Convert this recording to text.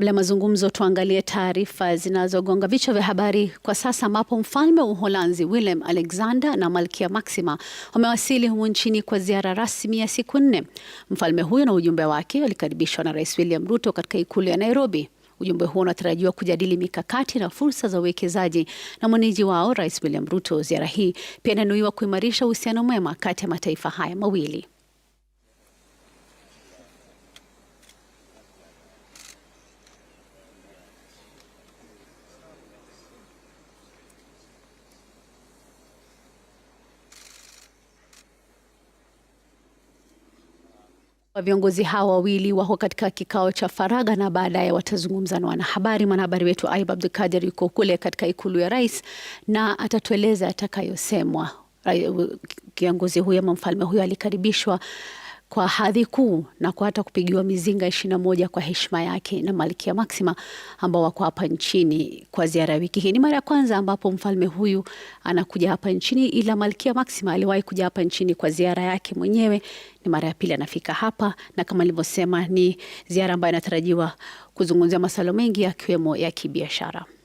Kabla ya mazungumzo tuangalie taarifa zinazogonga vichwa vya habari kwa sasa, ambapo mfalme wa Uholanzi Willem Alexander na malkia Maxima wamewasili humu nchini kwa ziara rasmi ya siku nne. Mfalme huyo na ujumbe wake walikaribishwa na Rais William Ruto katika ikulu ya Nairobi. Ujumbe huo unatarajiwa kujadili mikakati na fursa za uwekezaji na mwenyeji wao Rais William Ruto. Ziara hii pia inanuiwa kuimarisha uhusiano mwema kati ya mataifa haya mawili. Viongozi hawa wawili wako katika kikao cha faragha na baadaye watazungumza na wanahabari. Mwanahabari wetu Aib Abdulkadir yuko kule katika ikulu ya rais na atatueleza atakayosemwa. Kiongozi huyo ama mfalme huyo alikaribishwa kwa hadhi kuu na kwa hata kupigiwa mizinga ishirini na moja kwa heshima yake na Malkia Maxima ambao wako hapa nchini kwa ziara ya wiki hii. Ni mara ya kwanza ambapo mfalme huyu anakuja hapa nchini, ila Malkia Maxima aliwahi kuja hapa nchini kwa ziara yake mwenyewe. Ni mara ya pili anafika hapa, na kama nilivyosema, ni ziara ambayo inatarajiwa kuzungumzia masuala mengi yakiwemo ya kibiashara.